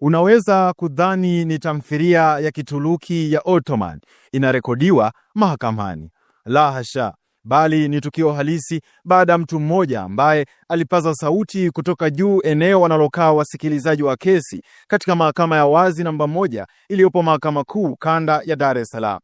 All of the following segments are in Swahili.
Unaweza kudhani ni tamthilia ya Kituruki ya Ottoman inarekodiwa mahakamani. La hasha, bali ni tukio halisi baada ya mtu mmoja ambaye alipaza sauti kutoka juu eneo wanalokaa wasikilizaji wa kesi katika mahakama ya wazi namba moja iliyopo Mahakama Kuu Kanda ya Dar es Salaam.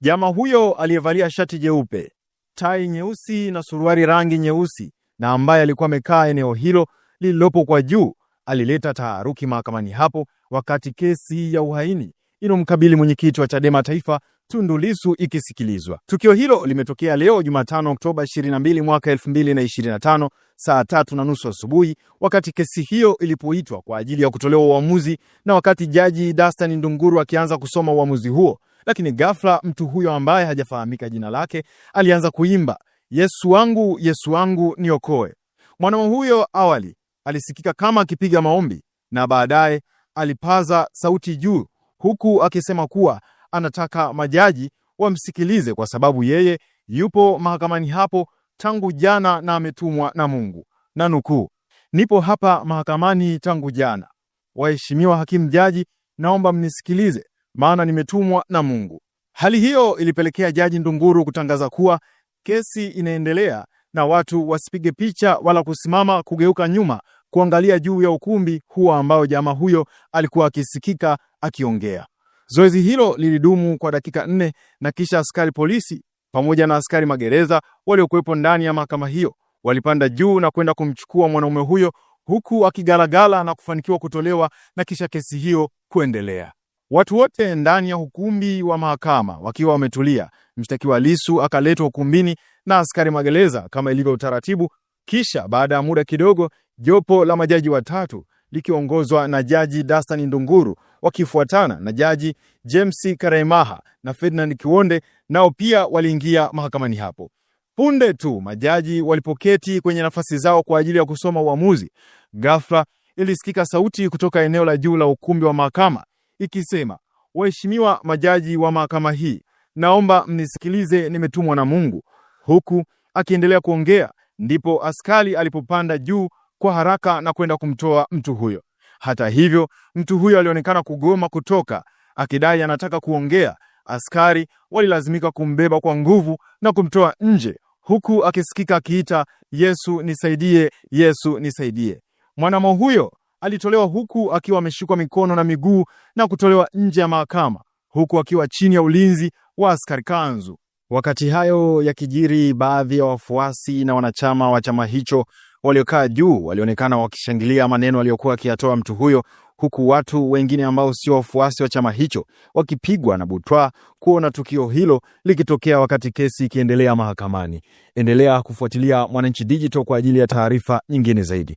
Jamaa huyo aliyevalia shati jeupe, tai nyeusi na suruali rangi nyeusi na ambaye alikuwa amekaa eneo hilo lililopo kwa juu alileta taharuki mahakamani hapo wakati kesi ya uhaini inomkabili mwenyekiti wa Chadema Taifa Tundu Lissu ikisikilizwa. Tukio hilo limetokea leo Jumatano Oktoba 22 mwaka 2025 saa tatu na nusu asubuhi wakati kesi hiyo ilipoitwa kwa ajili ya kutolewa uamuzi na wakati Jaji Dastan Ndunguru akianza kusoma uamuzi huo, lakini ghafla mtu huyo ambaye hajafahamika jina lake alianza kuimba Yesu wangu Yesu wangu niokoe. Mwanaume huyo awali alisikika kama akipiga maombi na baadaye alipaza sauti juu huku akisema kuwa anataka majaji wamsikilize kwa sababu yeye yupo mahakamani hapo tangu jana na ametumwa na Mungu. Na nukuu, nipo hapa mahakamani tangu jana, waheshimiwa hakimu jaji, naomba mnisikilize maana nimetumwa na Mungu. Hali hiyo ilipelekea Jaji Ndunguru kutangaza kuwa kesi inaendelea na watu wasipige picha wala kusimama kugeuka nyuma kuangalia juu ya ukumbi huo ambao jamaa huyo alikuwa akisikika akiongea. Zoezi hilo lilidumu kwa dakika nne na kisha askari polisi pamoja na askari magereza waliokuwepo ndani ya mahakama hiyo walipanda juu na kwenda kumchukua mwanaume huyo huku akigalagala na kufanikiwa kutolewa na kisha kesi hiyo kuendelea. Watu wote ndani ya ukumbi wa mahakama wakiwa wametulia. Mshtakiwa Lissu akaletwa ukumbini na askari magereza kama ilivyo utaratibu. Kisha baada ya muda kidogo, jopo la majaji watatu likiongozwa na Jaji Dastan Ndunguru wakifuatana na Jaji James Karemaha na Ferdinand Kiwonde, nao pia waliingia mahakamani hapo. Punde tu majaji walipoketi kwenye nafasi zao kwa ajili ya kusoma uamuzi, ghafla ilisikika sauti kutoka eneo la juu la ukumbi wa mahakama ikisema, waheshimiwa majaji wa mahakama hii, naomba mnisikilize, nimetumwa na Mungu. Huku akiendelea kuongea ndipo askari alipopanda juu kwa haraka na kwenda kumtoa mtu huyo. Hata hivyo, mtu huyo alionekana kugoma kutoka, akidai anataka kuongea. Askari walilazimika kumbeba kwa nguvu na kumtoa nje, huku akisikika akiita, Yesu nisaidie, Yesu nisaidie. Mwanamo huyo alitolewa huku akiwa ameshikwa mikono na miguu na kutolewa nje ya mahakama huku akiwa chini ya ulinzi wa askari kanzu. Wakati hayo yakijiri, baadhi ya wafuasi na wanachama wa chama hicho waliokaa juu walionekana wakishangilia maneno aliyokuwa akiyatoa mtu huyo, huku watu wengine ambao sio wafuasi wa chama hicho wakipigwa na butwa kuona tukio hilo likitokea wakati kesi ikiendelea mahakamani. Endelea kufuatilia Mwananchi Digital kwa ajili ya taarifa nyingine zaidi.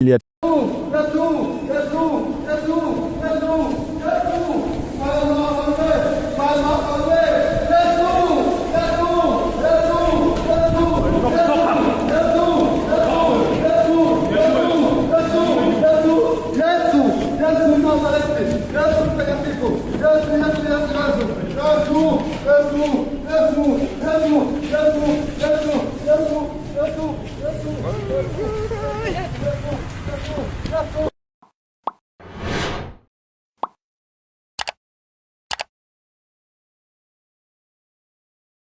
Let's go!